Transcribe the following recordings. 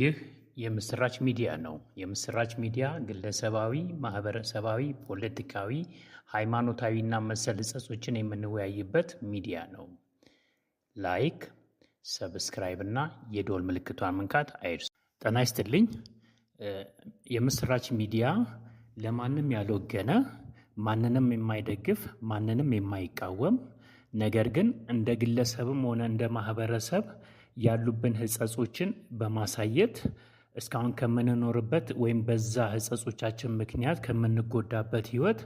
ይህ የምስራች ሚዲያ ነው። የምስራች ሚዲያ ግለሰባዊ፣ ማህበረሰባዊ፣ ፖለቲካዊ፣ ሃይማኖታዊና መሰል ጸጾችን የምንወያይበት ሚዲያ ነው። ላይክ፣ ሰብስክራይብ እና የዶል ምልክቷን መንካት አይርሱ። ጤና ይስጥልኝ። የምስራች ሚዲያ ለማንም ያልወገነ ማንንም የማይደግፍ ማንንም የማይቃወም ነገር ግን እንደ ግለሰብም ሆነ እንደ ማህበረሰብ ያሉብን ህጸጾችን በማሳየት እስካሁን ከምንኖርበት ወይም በዛ ህጸጾቻችን ምክንያት ከምንጎዳበት ህይወት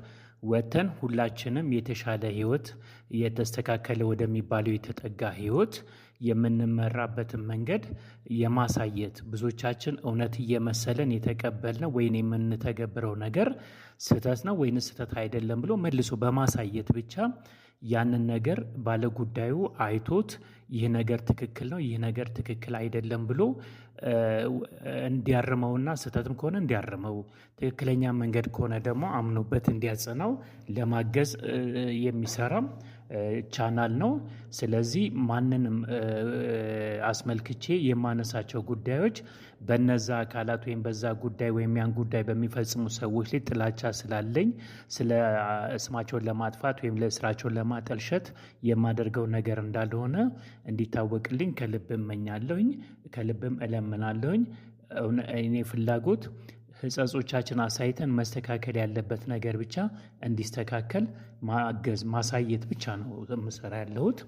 ወጥተን ሁላችንም የተሻለ ህይወት እየተስተካከለ ወደሚባለው የተጠጋ ህይወት የምንመራበትን መንገድ የማሳየት ብዙዎቻችን እውነት እየመሰለን የተቀበልነው ወይን የምንተገብረው ነገር ስህተት ነው ወይን ስህተት አይደለም ብሎ መልሶ በማሳየት ብቻ ያንን ነገር ባለጉዳዩ አይቶት ይህ ነገር ትክክል ነው ይህ ነገር ትክክል አይደለም ብሎ እንዲያርመውና ስህተትም ከሆነ እንዲያርመው ትክክለኛ መንገድ ከሆነ ደግሞ አምኖበት እንዲያጸናው ለማገዝ የሚሰራ ቻናል ነው። ስለዚህ ማንንም አስመልክቼ የማነሳቸው ጉዳዮች በነዛ አካላት ወይም በዛ ጉዳይ ወይም ያን ጉዳይ በሚፈጽሙ ሰዎች ላይ ጥላቻ ስላለኝ ስለ ስማቸውን ለማጥፋት ወይም ለስራቸውን ለማጠልሸት የማደርገው ነገር እንዳልሆነ እንዲታወቅልኝ ከልብም እመኛለሁኝ፣ ከልብም እለምናለሁኝ። እኔ ፍላጎት ህጸጾቻችን አሳይተን መስተካከል ያለበት ነገር ብቻ እንዲስተካከል ማገዝ ማሳየት ብቻ ነው የምሰራ ያለሁት።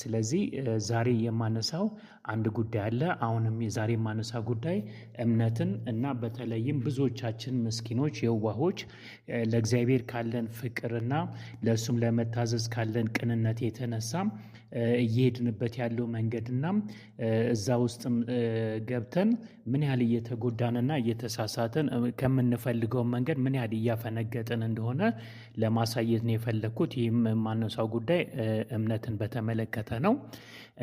ስለዚህ ዛሬ የማነሳው አንድ ጉዳይ አለ አሁንም የዛሬ የማነሳ ጉዳይ እምነትን እና በተለይም ብዙዎቻችን ምስኪኖች የዋሆች ለእግዚአብሔር ካለን ፍቅርና ለእሱም ለመታዘዝ ካለን ቅንነት የተነሳ። እየሄድንበት ያለው መንገድ እና እዛ ውስጥም ገብተን ምን ያህል እየተጎዳንና እየተሳሳትን ከምንፈልገውን መንገድ ምን ያህል እያፈነገጥን እንደሆነ ለማሳየት ነው የፈለግኩት። ይህም የማነሳው ጉዳይ እምነትን በተመለከተ ነው።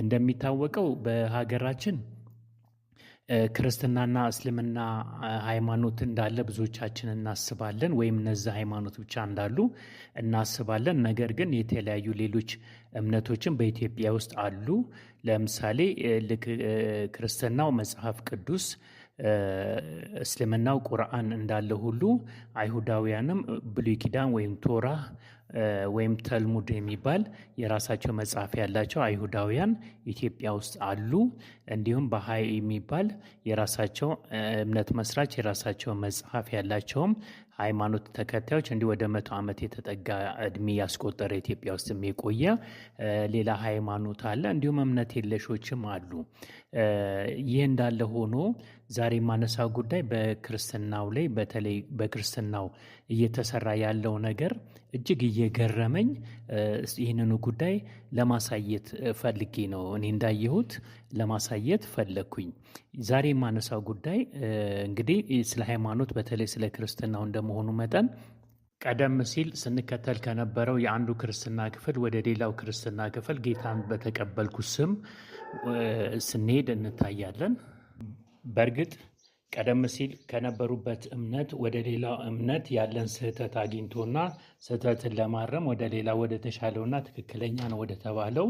እንደሚታወቀው በሀገራችን ክርስትናና እስልምና ሃይማኖት እንዳለ ብዙዎቻችን እናስባለን፣ ወይም እነዚህ ሃይማኖት ብቻ እንዳሉ እናስባለን። ነገር ግን የተለያዩ ሌሎች እምነቶችን በኢትዮጵያ ውስጥ አሉ። ለምሳሌ ልክ ክርስትናው መጽሐፍ ቅዱስ እስልምናው ቁርአን እንዳለ ሁሉ አይሁዳውያንም ብሉይ ኪዳን ወይም ቶራ ወይም ተልሙድ የሚባል የራሳቸው መጽሐፍ ያላቸው አይሁዳውያን ኢትዮጵያ ውስጥ አሉ። እንዲሁም በሃይ የሚባል የራሳቸው እምነት መስራች የራሳቸው መጽሐፍ ያላቸውም ሃይማኖት ተከታዮች እንዲህ ወደ መቶ ዓመት የተጠጋ እድሜ ያስቆጠረ ኢትዮጵያ ውስጥም የቆየ ሌላ ሃይማኖት አለ። እንዲሁም እምነት የለሾችም አሉ። ይህ እንዳለ ሆኖ ዛሬ የማነሳው ጉዳይ በክርስትናው ላይ በተለይ በክርስትናው እየተሰራ ያለው ነገር እጅግ እየገረመኝ ይህንኑ ጉዳይ ለማሳየት ፈልጌ ነው። እኔ እንዳየሁት ለማሳየት ፈለግኩኝ። ዛሬ የማነሳው ጉዳይ እንግዲህ ስለ ሃይማኖት በተለይ ስለ ክርስትናው እንደመሆኑ መጠን ቀደም ሲል ስንከተል ከነበረው የአንዱ ክርስትና ክፍል ወደ ሌላው ክርስትና ክፍል ጌታን በተቀበልኩ ስም ስንሄድ እንታያለን። በእርግጥ ቀደም ሲል ከነበሩበት እምነት ወደ ሌላ እምነት ያለን ስህተት አግኝቶና ስህተትን ለማረም ወደ ሌላ ወደ ተሻለውና ትክክለኛ ነው ወደ ተባለው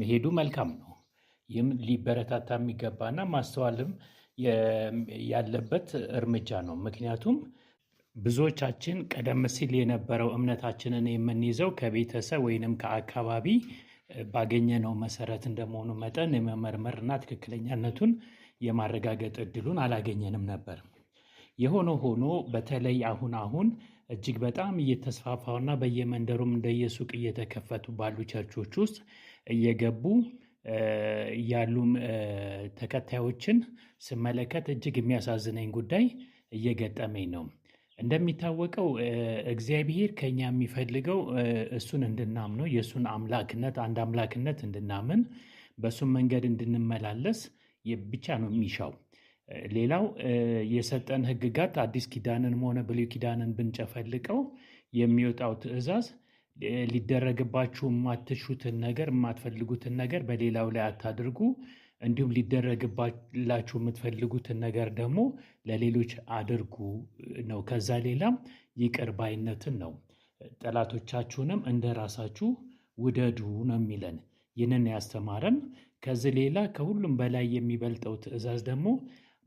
መሄዱ መልካም ነው። ይህም ሊበረታታ የሚገባና ማስተዋልም ያለበት እርምጃ ነው። ምክንያቱም ብዙዎቻችን ቀደም ሲል የነበረው እምነታችንን የምንይዘው ከቤተሰብ ወይንም ከአካባቢ ባገኘነው መሰረት እንደመሆኑ መጠን የመመርመርና ትክክለኛነቱን የማረጋገጥ እድሉን አላገኘንም ነበር። የሆነ ሆኖ በተለይ አሁን አሁን እጅግ በጣም እየተስፋፋውና በየመንደሩም እንደየሱቅ እየተከፈቱ ባሉ ቸርቾች ውስጥ እየገቡ ያሉም ተከታዮችን ስመለከት እጅግ የሚያሳዝነኝ ጉዳይ እየገጠመኝ ነው። እንደሚታወቀው እግዚአብሔር ከኛ የሚፈልገው እሱን እንድናምነው የእሱን አምላክነት አንድ አምላክነት እንድናምን በእሱም መንገድ እንድንመላለስ ብቻ ነው የሚሻው። ሌላው የሰጠን ህግጋት አዲስ ኪዳንንም ሆነ ብሉይ ኪዳንን ብንጨፈልቀው የሚወጣው ትእዛዝ ሊደረግባችሁ የማትሹትን ነገር የማትፈልጉትን ነገር በሌላው ላይ አታድርጉ፣ እንዲሁም ሊደረግባላችሁ የምትፈልጉትን ነገር ደግሞ ለሌሎች አድርጉ ነው። ከዛ ሌላም ይቅር ባይነትን ነው። ጠላቶቻችሁንም እንደ ራሳችሁ ውደዱ ነው የሚለን። ይህንን ያስተማረን ከዚህ ሌላ ከሁሉም በላይ የሚበልጠው ትእዛዝ ደግሞ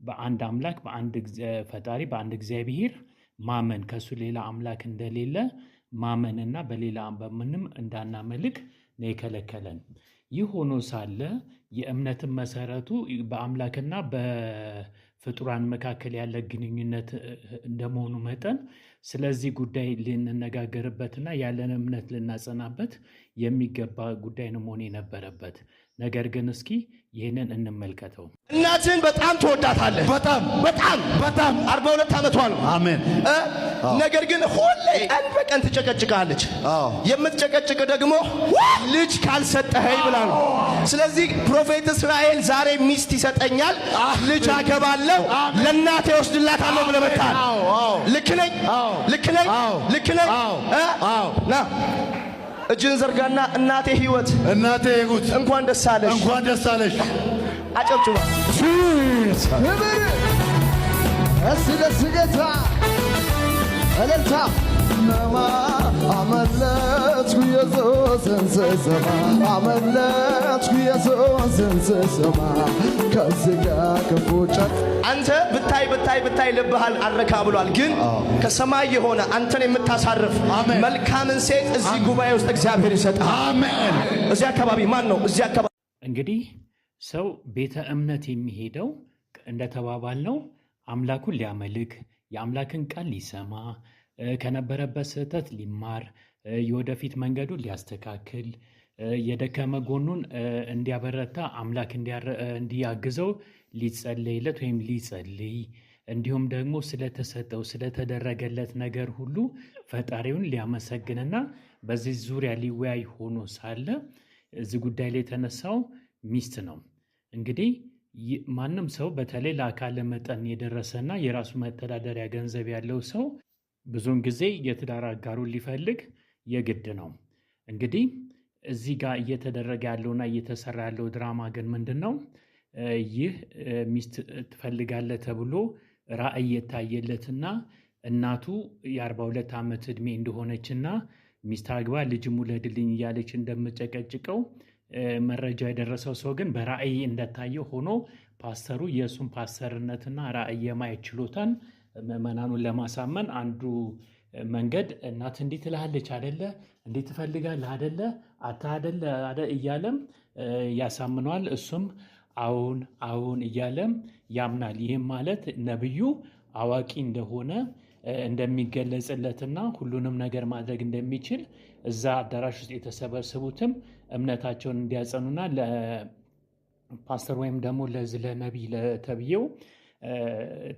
በአንድ አምላክ በአንድ ፈጣሪ በአንድ እግዚአብሔር ማመን ከእሱ ሌላ አምላክ እንደሌለ እና በሌላ በምንም እንዳናመልክ ነው የከለከለን። ይህ ሆኖ ሳለ የእምነትን መሰረቱ በአምላክና በፍጡራን መካከል ያለ ግንኙነት እንደመሆኑ መጠን ስለዚህ ጉዳይ ልንነጋገርበትና ያለን እምነት ልናጸናበት የሚገባ ጉዳይ ነው መሆን የነበረበት። ነገር ግን እስኪ ይህንን እንመልከተው። እናትህን በጣም ትወዳታለህ። በጣም በጣም በጣም አርባ ሁለት ዓመቷ ነው። አሜን። ነገር ግን ሁሌ ቀን በቀን ትጨቀጭቃለች። የምትጨቀጭቅ ደግሞ ልጅ ካልሰጠኸኝ ብላ ነው። ስለዚህ ፕሮፌት እስራኤል ዛሬ ሚስት ይሰጠኛል፣ ልጅ አገባለሁ፣ ለእናቴ ወስድላታለሁ ብለህ መጣል። ልክ ነኝ፣ ልክ ነኝ፣ ልክ ነኝ። ና እጅን ዘርጋና እናቴ ህይወት እናቴ ህይወት እንኳን ደስ አለሽ እንኳን ደስ አለሽ። አጨብጭባ እስ ደስ ጌታ እልልታ አንተ ብታይ ብታይ ብታይ ልብሃል አረካ ብሏል። ግን ከሰማይ የሆነ አንተን የምታሳርፍ መልካምን ሴት እዚህ ጉባኤ ውስጥ እግዚአብሔር ይሰጣል። እዚህ አካባቢ ማን ነው? እዚህ አካባቢ እንግዲህ ሰው ቤተ እምነት የሚሄደው እንደተባባልነው አምላኩን ሊያመልክ የአምላክን ቃል ሊሰማ ከነበረበት ስህተት ሊማር የወደፊት መንገዱን ሊያስተካክል የደከመ ጎኑን እንዲያበረታ አምላክ እንዲያግዘው ሊጸለይለት ወይም ሊጸልይ እንዲሁም ደግሞ ስለተሰጠው ስለተደረገለት ነገር ሁሉ ፈጣሪውን ሊያመሰግንና በዚህ ዙሪያ ሊወያይ ሆኖ ሳለ እዚህ ጉዳይ ላይ የተነሳው ሚስት ነው። እንግዲህ ማንም ሰው በተለይ ለአካለ መጠን የደረሰና የራሱ መተዳደሪያ ገንዘብ ያለው ሰው ብዙውን ጊዜ የትዳር አጋሩን ሊፈልግ የግድ ነው። እንግዲህ እዚህ ጋር እየተደረገ ያለውና እየተሰራ ያለው ድራማ ግን ምንድን ነው? ይህ ሚስት ትፈልጋለህ ተብሎ ራዕይ የታየለትና እናቱ የአርባ ሁለት ዓመት ዕድሜ እንደሆነችና ሚስት አግባ ልጅም ውለድልኝ እያለች እንደምጨቀጭቀው መረጃ የደረሰው ሰው ግን በራዕይ እንደታየው ሆኖ ፓስተሩ የእሱን ፓስተርነትና ራዕይ የማየት ችሎታን ምዕመናኑን ለማሳመን አንዱ መንገድ እናት እንዲህ ትልሃለች አደለ፣ እንዲህ ትፈልጋለህ አደለ፣ አታ አደለ እያለም ያሳምነዋል። እሱም አሁን አሁን እያለም ያምናል። ይህም ማለት ነቢዩ አዋቂ እንደሆነ እንደሚገለጽለትና ሁሉንም ነገር ማድረግ እንደሚችል እዛ አዳራሽ ውስጥ የተሰበሰቡትም እምነታቸውን እንዲያጸኑና ለፓስተር ወይም ደግሞ ለዚህ ለነቢይ ለተብዬው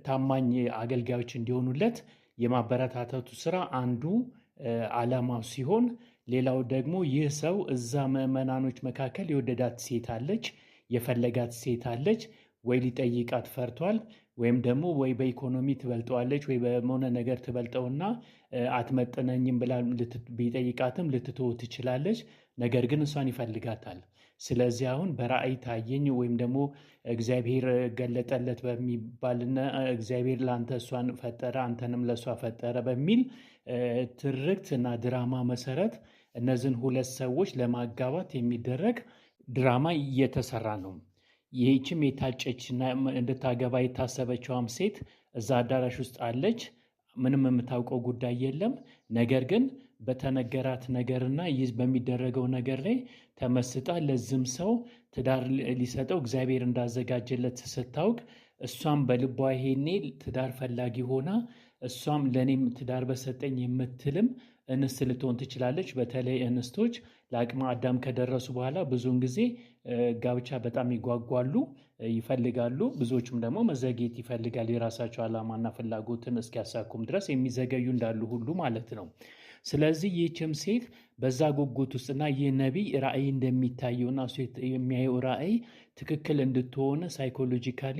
ታማኝ አገልጋዮች እንዲሆኑለት የማበረታታቱ ስራ አንዱ ዓላማው ሲሆን ሌላው ደግሞ ይህ ሰው እዛ ምዕመናኖች መካከል የወደዳት ሴት አለች፣ የፈለጋት ሴት አለች። ወይ ሊጠይቃት ፈርቷል፣ ወይም ደግሞ ወይ በኢኮኖሚ ትበልጠዋለች፣ ወይ በሆነ ነገር ትበልጠውና አትመጥነኝም ብላ ቢጠይቃትም ልትቶ ትችላለች። ነገር ግን እሷን ይፈልጋታል። ስለዚህ አሁን በራእይ ታየኝ ወይም ደግሞ እግዚአብሔር ገለጠለት በሚባልና እግዚአብሔር ለአንተ እሷን ፈጠረ አንተንም ለእሷ ፈጠረ በሚል ትርክት እና ድራማ መሰረት እነዚህን ሁለት ሰዎች ለማጋባት የሚደረግ ድራማ እየተሰራ ነው። ይህችም የታጨች እንድታገባ የታሰበችዋም ሴት እዛ አዳራሽ ውስጥ አለች። ምንም የምታውቀው ጉዳይ የለም። ነገር ግን በተነገራት ነገርና ይ በሚደረገው ነገር ላይ ተመስጣ ለዝም ሰው ትዳር ሊሰጠው እግዚአብሔር እንዳዘጋጀለት ስታውቅ እሷም በልቧ ይሄኔ ትዳር ፈላጊ ሆና እሷም ለእኔም ትዳር በሰጠኝ የምትልም እንስት ልትሆን ትችላለች። በተለይ እንስቶች ለአቅመ አዳም ከደረሱ በኋላ ብዙውን ጊዜ ጋብቻ በጣም ይጓጓሉ፣ ይፈልጋሉ። ብዙዎችም ደግሞ መዘግየት ይፈልጋል የራሳቸው ዓላማና ፍላጎትን እስኪያሳኩም ድረስ የሚዘገዩ እንዳሉ ሁሉ ማለት ነው። ስለዚህ ይህችም ሴት በዛ ጉጉት ውስጥና ይህ ነቢይ ራእይ እንደሚታየውና የሚያየው ራእይ ትክክል እንድትሆነ ሳይኮሎጂካሊ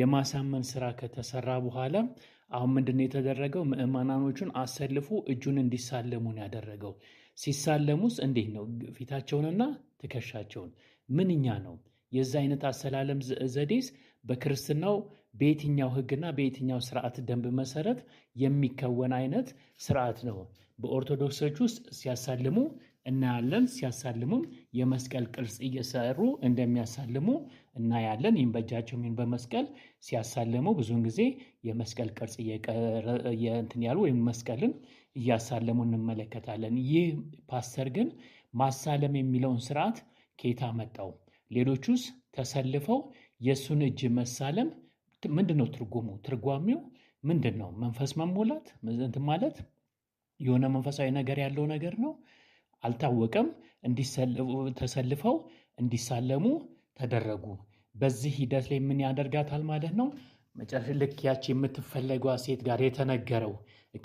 የማሳመን ስራ ከተሰራ በኋላ አሁን ምንድን የተደረገው? ምዕመናኖቹን አሰልፎ እጁን እንዲሳለሙ ያደረገው። ሲሳለሙስ እንዴት ነው? ፊታቸውንና ትከሻቸውን ምንኛ ነው? የዛ አይነት አሰላለም ዘዴስ በክርስትናው በየትኛው ህግና በየትኛው ስርዓት ደንብ መሰረት የሚከወን አይነት ስርዓት ነው። በኦርቶዶክሶች ውስጥ ሲያሳልሙ እናያለን። ሲያሳልሙም የመስቀል ቅርጽ እየሰሩ እንደሚያሳልሙ እናያለን። ይህም በእጃቸው ሚን በመስቀል ሲያሳልሙ ብዙውን ጊዜ የመስቀል ቅርጽ እንትን ያሉ ወይም መስቀልን እያሳለሙ እንመለከታለን። ይህ ፓስተር ግን ማሳለም የሚለውን ስርዓት ኬታ መጣው ሌሎቹስ ተሰልፈው የእሱን እጅ መሳለም ምንድን ነው ትርጉሙ? ትርጓሚው ምንድን ነው? መንፈስ መሞላት እንትን ማለት የሆነ መንፈሳዊ ነገር ያለው ነገር ነው። አልታወቀም። ተሰልፈው እንዲሳለሙ ተደረጉ። በዚህ ሂደት ላይ ምን ያደርጋታል ማለት ነው? መጨረሻ ልክ ያች የምትፈለጓ ሴት ጋር የተነገረው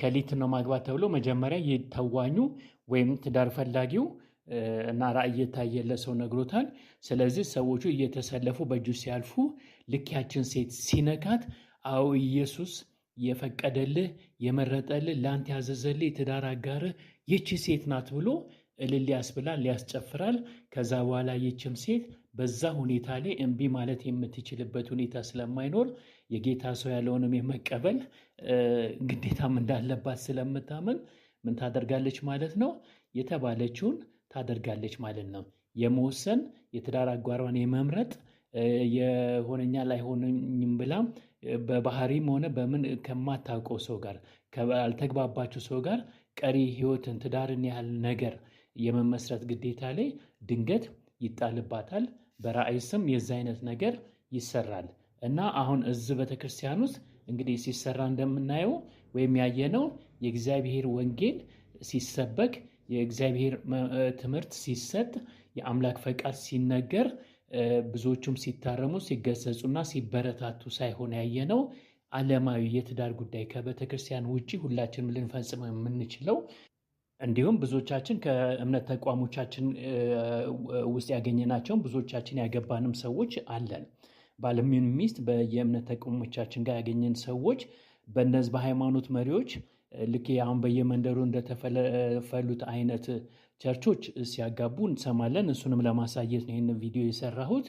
ከሊት ነው ማግባት ተብሎ መጀመሪያ የተዋኙ ወይም ትዳር ፈላጊው እና ራእይ የታየለት ሰው ነግሮታል። ስለዚህ ሰዎቹ እየተሰለፉ በእጁ ሲያልፉ ልክያችን ሴት ሲነካት አዎ ኢየሱስ የፈቀደልህ የመረጠልህ ለአንተ ያዘዘልህ የትዳር አጋርህ ይቺ ሴት ናት ብሎ እልል ያስብላል፣ ያስጨፍራል። ከዛ በኋላ ይችም ሴት በዛ ሁኔታ ላይ እምቢ ማለት የምትችልበት ሁኔታ ስለማይኖር የጌታ ሰው ያለውንም የመቀበል ግዴታም እንዳለባት ስለምታምን ምን ታደርጋለች ማለት ነው? የተባለችውን ታደርጋለች ማለት ነው። የመወሰን የትዳር አጓሯን የመምረጥ የሆነኛ ላይሆነኝም ብላ በባህሪም ሆነ በምን ከማታውቀው ሰው ጋር ካልተግባባችው ሰው ጋር ቀሪ ህይወትን ትዳርን ያህል ነገር የመመስረት ግዴታ ላይ ድንገት ይጣልባታል። በራእይ ስም የዛ አይነት ነገር ይሰራል እና አሁን እዚህ ቤተክርስቲያን ውስጥ እንግዲህ ሲሰራ እንደምናየው ወይም ያየነው የእግዚአብሔር ወንጌል ሲሰበክ የእግዚአብሔር ትምህርት ሲሰጥ የአምላክ ፈቃድ ሲነገር ብዙዎቹም ሲታረሙ ሲገሰጹና ሲበረታቱ ሳይሆን ያየ ነው። ዓለማዊ የትዳር ጉዳይ ከቤተክርስቲያን ውጭ ሁላችንም ልንፈጽመው የምንችለው እንዲሁም ብዙዎቻችን ከእምነት ተቋሞቻችን ውስጥ ያገኘናቸውን ብዙዎቻችን ያገባንም ሰዎች አለን። ባለሚን ሚስት በየእምነት ተቋሞቻችን ጋር ያገኘን ሰዎች በነዚህ በሃይማኖት መሪዎች ልክ አሁን በየመንደሩ እንደተፈለፈሉት አይነት ቸርቾች ሲያጋቡ እንሰማለን። እሱንም ለማሳየት ነው ይህንን ቪዲዮ የሰራሁት።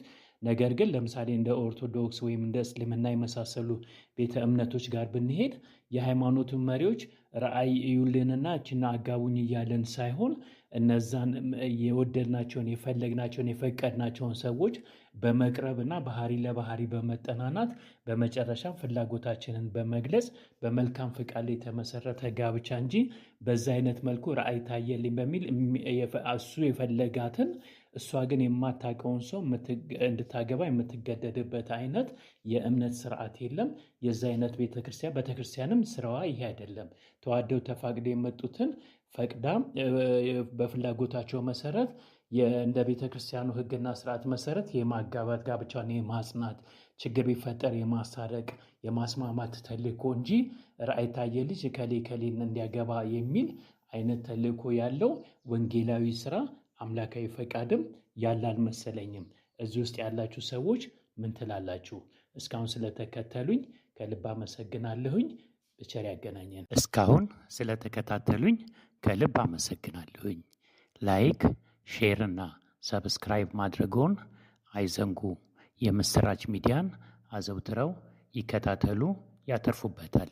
ነገር ግን ለምሳሌ እንደ ኦርቶዶክስ ወይም እንደ እስልምና የመሳሰሉ ቤተ እምነቶች ጋር ብንሄድ የሃይማኖቱን መሪዎች ራእይ እዩልንና እችና አጋቡኝ እያለን ሳይሆን እነዛን የወደድናቸውን የፈለግናቸውን የፈቀድናቸውን ሰዎች በመቅረብ ባህሪ ለባህሪ በመጠናናት በመጨረሻም ፍላጎታችንን በመግለጽ በመልካም ፍቃድ ላይ የተመሰረተ ጋብቻ እንጂ በዛ አይነት መልኩ ራዕይ ታየልኝ በሚል እሱ የፈለጋትን እሷ ግን የማታውቀውን ሰው እንድታገባ የምትገደድበት አይነት የእምነት ስርዓት የለም። የዛ አይነት ቤተክርስቲያን፣ ቤተክርስቲያንም ስራዋ ይሄ አይደለም። ተዋደው ተፋቅደው የመጡትን ፈቅዳ በፍላጎታቸው መሰረት እንደ ቤተ ክርስቲያኑ ሕግና ስርዓት መሰረት የማጋባት ጋብቻን የማጽናት ችግር ቢፈጠር የማሳረቅ የማስማማት ተልእኮ እንጂ ራእይ ልጅ ከሌ ከሌን እንዲያገባ የሚል አይነት ተልእኮ ያለው ወንጌላዊ ስራ አምላካዊ ፈቃድም ያለ አልመሰለኝም። እዚህ ውስጥ ያላችሁ ሰዎች ምን ትላላችሁ? እስካሁን ስለተከተሉኝ ከልብ አመሰግናለሁኝ። ብቸር ያገናኘን። እስካሁን ስለተከታተሉኝ ከልብ አመሰግናለሁኝ። ላይክ፣ ሼር እና ሰብስክራይብ ማድረጎን አይዘንጉ። የምስራች ሚዲያን አዘውትረው ይከታተሉ፣ ያተርፉበታል።